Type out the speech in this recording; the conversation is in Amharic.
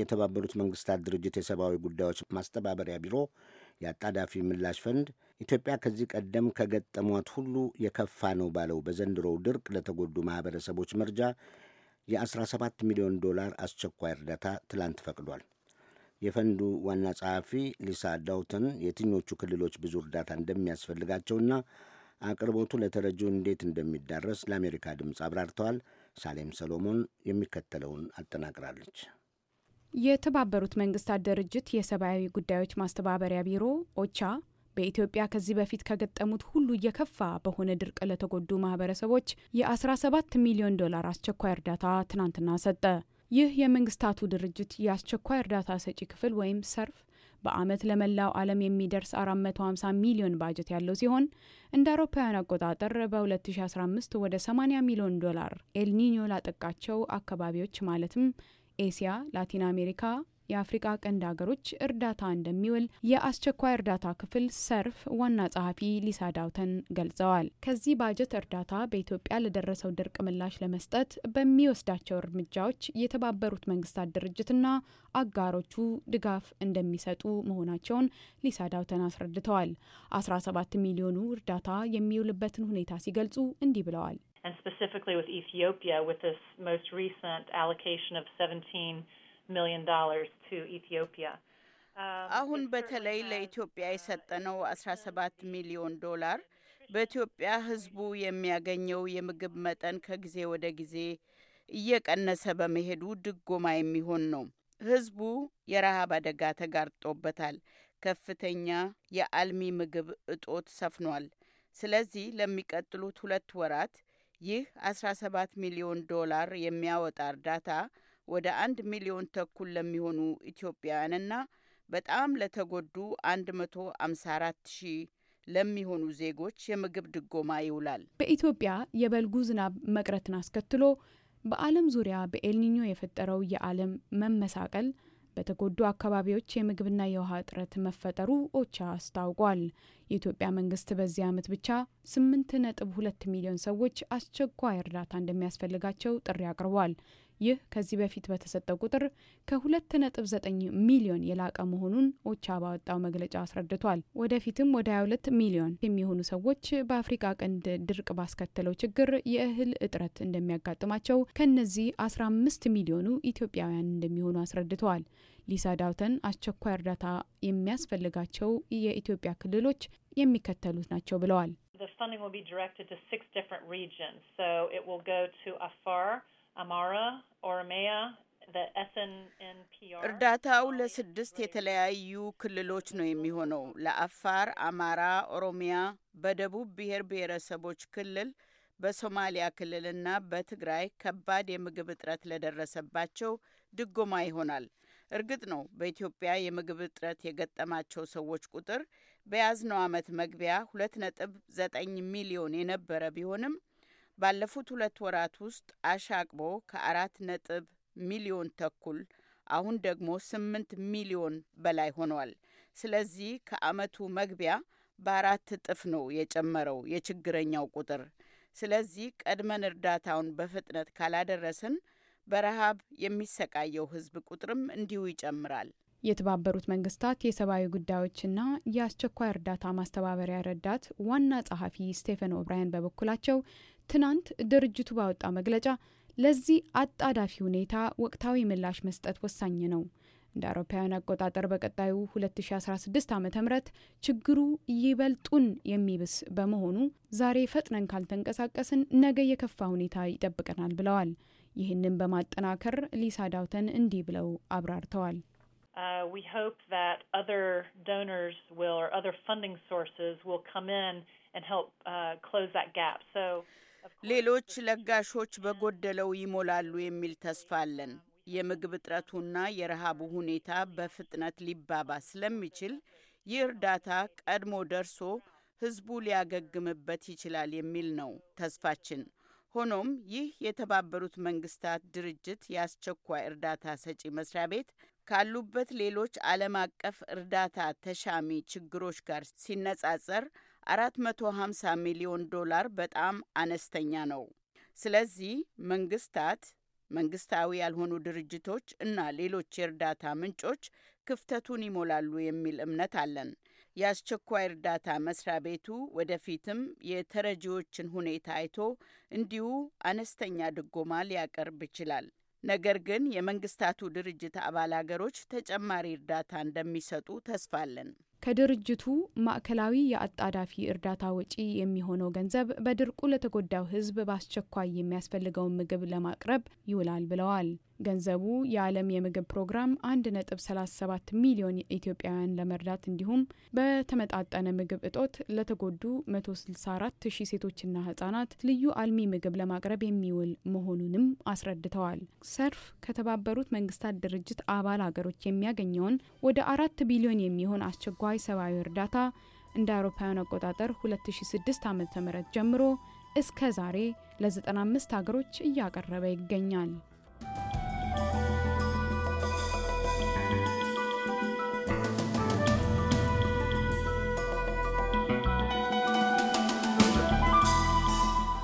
የተባበሩት መንግስታት ድርጅት የሰብአዊ ጉዳዮች ማስተባበሪያ ቢሮ የአጣዳፊ ምላሽ ፈንድ ኢትዮጵያ ከዚህ ቀደም ከገጠሟት ሁሉ የከፋ ነው ባለው በዘንድሮው ድርቅ ለተጎዱ ማህበረሰቦች መርጃ የ17 ሚሊዮን ዶላር አስቸኳይ እርዳታ ትላንት ፈቅዷል። የፈንዱ ዋና ጸሐፊ ሊሳ ዳውተን የትኞቹ ክልሎች ብዙ እርዳታ እንደሚያስፈልጋቸውና አቅርቦቱ ለተረጂው እንዴት እንደሚዳረስ ለአሜሪካ ድምፅ አብራርተዋል። ሳሌም ሰሎሞን የሚከተለውን አጠናቅራለች። የተባበሩት መንግስታት ድርጅት የሰብአዊ ጉዳዮች ማስተባበሪያ ቢሮ ኦቻ በኢትዮጵያ ከዚህ በፊት ከገጠሙት ሁሉ እየከፋ በሆነ ድርቅ ለተጎዱ ማህበረሰቦች የ17 ሚሊዮን ዶላር አስቸኳይ እርዳታ ትናንትና ሰጠ። ይህ የመንግስታቱ ድርጅት የአስቸኳይ እርዳታ ሰጪ ክፍል ወይም ሰርፍ በአመት ለመላው ዓለም የሚደርስ 450 ሚሊዮን ባጀት ያለው ሲሆን እንደ አውሮፓውያን አቆጣጠር በ2015 ወደ 80 ሚሊዮን ዶላር ኤልኒኞ ላጠቃቸው አካባቢዎች ማለትም ኤሲያ፣ ላቲን አሜሪካ፣ የአፍሪቃ ቀንድ ሀገሮች እርዳታ እንደሚውል የአስቸኳይ እርዳታ ክፍል ሰርፍ ዋና ጸሐፊ ሊሳ ዳውተን ገልጸዋል። ከዚህ ባጀት እርዳታ በኢትዮጵያ ለደረሰው ድርቅ ምላሽ ለመስጠት በሚወስዳቸው እርምጃዎች የተባበሩት መንግስታት ድርጅትና አጋሮቹ ድጋፍ እንደሚሰጡ መሆናቸውን ሊሳ ዳውተን አስረድተዋል። 17 ሚሊዮኑ እርዳታ የሚውልበትን ሁኔታ ሲገልጹ እንዲህ ብለዋል። and specifically with Ethiopia, with this most recent allocation of $17 million to Ethiopia. Um, አሁን በተለይ ለኢትዮጵያ uh, የሰጠነው 17 ሚሊዮን ዶላር በኢትዮጵያ ሕዝቡ የሚያገኘው የምግብ መጠን ከጊዜ ወደ ጊዜ እየቀነሰ በመሄዱ ድጎማ የሚሆን ነው። ሕዝቡ የረሃብ አደጋ ተጋርጦበታል። ከፍተኛ የአልሚ ምግብ እጦት ሰፍኗል። ስለዚህ ለሚቀጥሉት ሁለት ወራት ይህ 17 ሚሊዮን ዶላር የሚያወጣ እርዳታ ወደ አንድ ሚሊዮን ተኩል ለሚሆኑ ኢትዮጵያውያንና በጣም ለተጎዱ 154 ሺህ ለሚሆኑ ዜጎች የምግብ ድጎማ ይውላል። በኢትዮጵያ የበልጉ ዝናብ መቅረትን አስከትሎ በዓለም ዙሪያ በኤልኒኞ የፈጠረው የዓለም መመሳቀል በተጎዱ አካባቢዎች የምግብና የውሃ እጥረት መፈጠሩ ኦቻ አስታውቋል። የኢትዮጵያ መንግስት በዚህ ዓመት ብቻ 8 ነጥብ 2 ሚሊዮን ሰዎች አስቸኳይ እርዳታ እንደሚያስፈልጋቸው ጥሪ አቅርቧል። ይህ ከዚህ በፊት በተሰጠው ቁጥር ከ2.9 ሚሊዮን የላቀ መሆኑን ኦቻ ባወጣው መግለጫ አስረድቷል። ወደፊትም ወደ 22 ሚሊዮን የሚሆኑ ሰዎች በአፍሪካ ቀንድ ድርቅ ባስከተለው ችግር የእህል እጥረት እንደሚያጋጥማቸው፣ ከእነዚህ 15 ሚሊዮኑ ኢትዮጵያውያን እንደሚሆኑ አስረድተዋል። ሊሳ ዳውተን አስቸኳይ እርዳታ የሚያስፈልጋቸው የኢትዮጵያ ክልሎች የሚከተሉት ናቸው ብለዋል። The funding will be directed to six different regions. So it will go to Afar, አማራ፣ ኦሮሚያ እርዳታው ለስድስት የተለያዩ ክልሎች ነው የሚሆነው። ለአፋር፣ አማራ፣ ኦሮሚያ፣ በደቡብ ብሔር ብሔረሰቦች ክልል፣ በሶማሊያ ክልልና በትግራይ ከባድ የምግብ እጥረት ለደረሰባቸው ድጎማ ይሆናል። እርግጥ ነው በኢትዮጵያ የምግብ እጥረት የገጠማቸው ሰዎች ቁጥር በያዝነው ዓመት መግቢያ ሁለት ነጥብ ዘጠኝ ሚሊዮን የነበረ ቢሆንም ባለፉት ሁለት ወራት ውስጥ አሻቅቦ ከአራት ነጥብ ሚሊዮን ተኩል አሁን ደግሞ ስምንት ሚሊዮን በላይ ሆኗል። ስለዚህ ከአመቱ መግቢያ በአራት እጥፍ ነው የጨመረው የችግረኛው ቁጥር። ስለዚህ ቀድመን እርዳታውን በፍጥነት ካላደረስን በረሃብ የሚሰቃየው ህዝብ ቁጥርም እንዲሁ ይጨምራል። የተባበሩት መንግስታት የሰብአዊ ጉዳዮችና የአስቸኳይ እርዳታ ማስተባበሪያ ረዳት ዋና ጸሐፊ ስቴፈን ኦብራያን በበኩላቸው ትናንት ድርጅቱ ባወጣው መግለጫ ለዚህ አጣዳፊ ሁኔታ ወቅታዊ ምላሽ መስጠት ወሳኝ ነው። እንደ አውሮፓውያን አቆጣጠር በቀጣዩ 2016 ዓ ም ችግሩ ይበልጡን የሚብስ በመሆኑ ዛሬ ፈጥነን ካልተንቀሳቀስን ነገ የከፋ ሁኔታ ይጠብቀናል ብለዋል። ይህንን በማጠናከር ሊሳ ዳውተን እንዲህ ብለው አብራርተዋል። uh, we hope that other donors will or other funding sources will come in and help uh, close that gap. So. ሌሎች ለጋሾች በጎደለው ይሞላሉ የሚል ተስፋ አለን። የምግብ እጥረቱና የረሃቡ ሁኔታ በፍጥነት ሊባባ ስለሚችል ይህ እርዳታ ቀድሞ ደርሶ ሕዝቡ ሊያገግምበት ይችላል የሚል ነው ተስፋችን። ሆኖም ይህ የተባበሩት መንግስታት ድርጅት የአስቸኳይ እርዳታ ሰጪ መስሪያ ቤት ካሉበት ሌሎች ዓለም አቀፍ እርዳታ ተሻሚ ችግሮች ጋር ሲነጻጸር 450 ሚሊዮን ዶላር በጣም አነስተኛ ነው። ስለዚህ መንግስታት፣ መንግስታዊ ያልሆኑ ድርጅቶች እና ሌሎች የእርዳታ ምንጮች ክፍተቱን ይሞላሉ የሚል እምነት አለን። የአስቸኳይ እርዳታ መስሪያ ቤቱ ወደፊትም የተረጂዎችን ሁኔታ አይቶ እንዲሁ አነስተኛ ድጎማ ሊያቀርብ ይችላል። ነገር ግን የመንግስታቱ ድርጅት አባል አገሮች ተጨማሪ እርዳታ እንደሚሰጡ ተስፋ አለን። ከድርጅቱ ማዕከላዊ የአጣዳፊ እርዳታ ወጪ የሚሆነው ገንዘብ በድርቁ ለተጎዳው ሕዝብ በአስቸኳይ የሚያስፈልገውን ምግብ ለማቅረብ ይውላል ብለዋል። ገንዘቡ የዓለም የምግብ ፕሮግራም 1.37 ሚሊዮን ኢትዮጵያውያን ለመርዳት እንዲሁም በተመጣጠነ ምግብ እጦት ለተጎዱ 164 ሺህ ሴቶችና ህጻናት ልዩ አልሚ ምግብ ለማቅረብ የሚውል መሆኑንም አስረድተዋል። ሰርፍ ከተባበሩት መንግስታት ድርጅት አባል አገሮች የሚያገኘውን ወደ አራት ቢሊዮን የሚሆን አስቸኳይ ሰብአዊ እርዳታ እንደ አውሮፓውያን አቆጣጠር 2006 ዓ.ም ጀምሮ እስከ ዛሬ ለ95 ሀገሮች እያቀረበ ይገኛል።